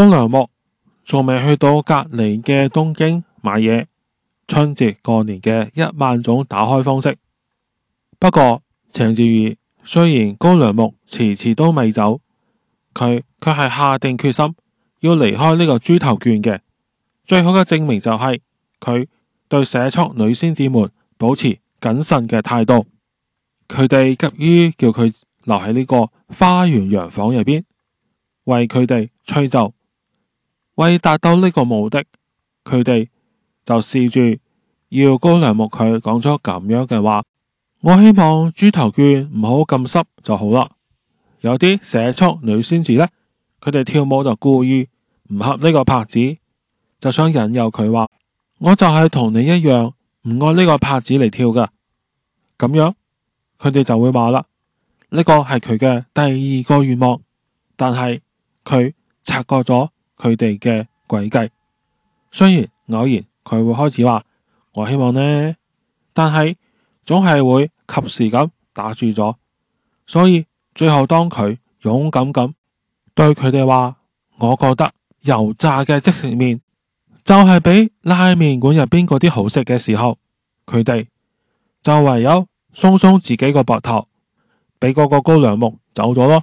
高粱木仲未去到隔籬嘅東京買嘢，春節過年嘅一萬種打開方式。不過，請注意，雖然高粱木遲遲都未走，佢卻係下定決心要離開呢個豬頭券嘅。最好嘅證明就係、是、佢對社畜女仙子們保持謹慎嘅態度。佢哋急於叫佢留喺呢個花園洋房入邊，為佢哋吹奏。為達到呢個目的，佢哋就試住要高良木佢講咗咁樣嘅話。我希望豬頭券唔好咁濕就好啦。有啲寫錯女先至呢，佢哋跳舞就故意唔合呢個拍子，就想引誘佢話，我就係同你一樣唔按呢個拍子嚟跳噶。咁樣佢哋就會話啦，呢、這個係佢嘅第二個願望，但係佢察覺咗。佢哋嘅詭計，雖然偶然佢會開始話我希望呢，但係總係會及時咁打住咗。所以最後當佢勇敢咁對佢哋話，我覺得油炸嘅即食麵就係比拉麵館入邊嗰啲好食嘅時候，佢哋就唯有鬆鬆自己個膊頭，俾嗰個高粱木走咗咯。